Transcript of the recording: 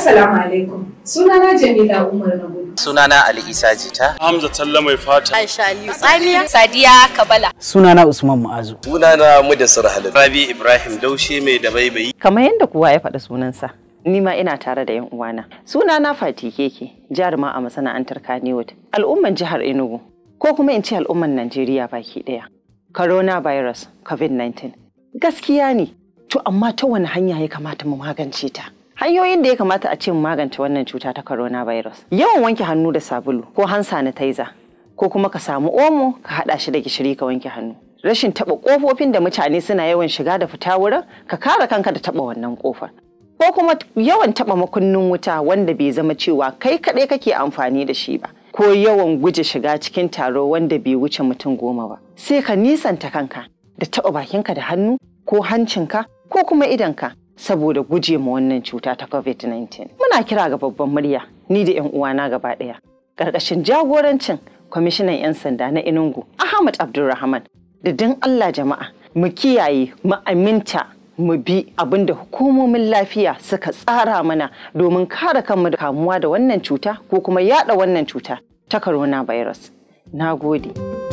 Assalamu alaikum. Sunana Jamila Umar Nagudu. Sunana Ali Isa Jita. Hamza Talla mai fata. Aisha Aliyu. Tsamiya. Sadiya Kabala. Sunana Usman Mu'azu. Sunana Mudassir Halil. Rabi Ibrahim Daushe mai dabaibayi. Kamar yadda kowa ya faɗi sunansa. Ni ma ina tare da 'yan uwana. Sunana Fati Keke, jaruma a masana'antar Kanewood, al'umman jihar Enugu, ko kuma in ce al'umman Najeriya baki ɗaya. Coronavirus, COVID-19. Gaskiya ne, to amma ta wani hanya ya kamata mu magance ta? Hanyoyin da ya kamata a ce magance wannan cuta ta coronavirus. Yawan wanke hannu da sabulu ko hand sanitizer ko kuma ka samu omo ka haɗa shi da gishiri ka wanke hannu. Rashin taba kofofin da mutane suna yawan shiga da fita wurin ka kare kanka da taɓa wannan ƙofar. Ko kuma yawan taɓa makunnin wuta wanda bai zama cewa kai kaɗai kake amfani da shi ba. Ko yawan guje shiga cikin taro wanda bai wuce mutum goma ba. Sai ka nisanta kanka da taɓa bakinka da hannu ko hancinka ko kuma idanka saboda guje ma wannan cuta ta COVID-19. Muna kira ga babban murya ni da 'yan uwana gaba ɗaya. Ƙarƙashin jagorancin kwamishinan 'yan sanda na Enugu Ahmad Abdulrahman da don Allah jama'a mu kiyaye mu aminta mu bi abin da hukumomin lafiya suka tsara mana domin kare kanmu da kamuwa da wannan cuta ko kuma yada wannan cuta ta corona virus, Na gode.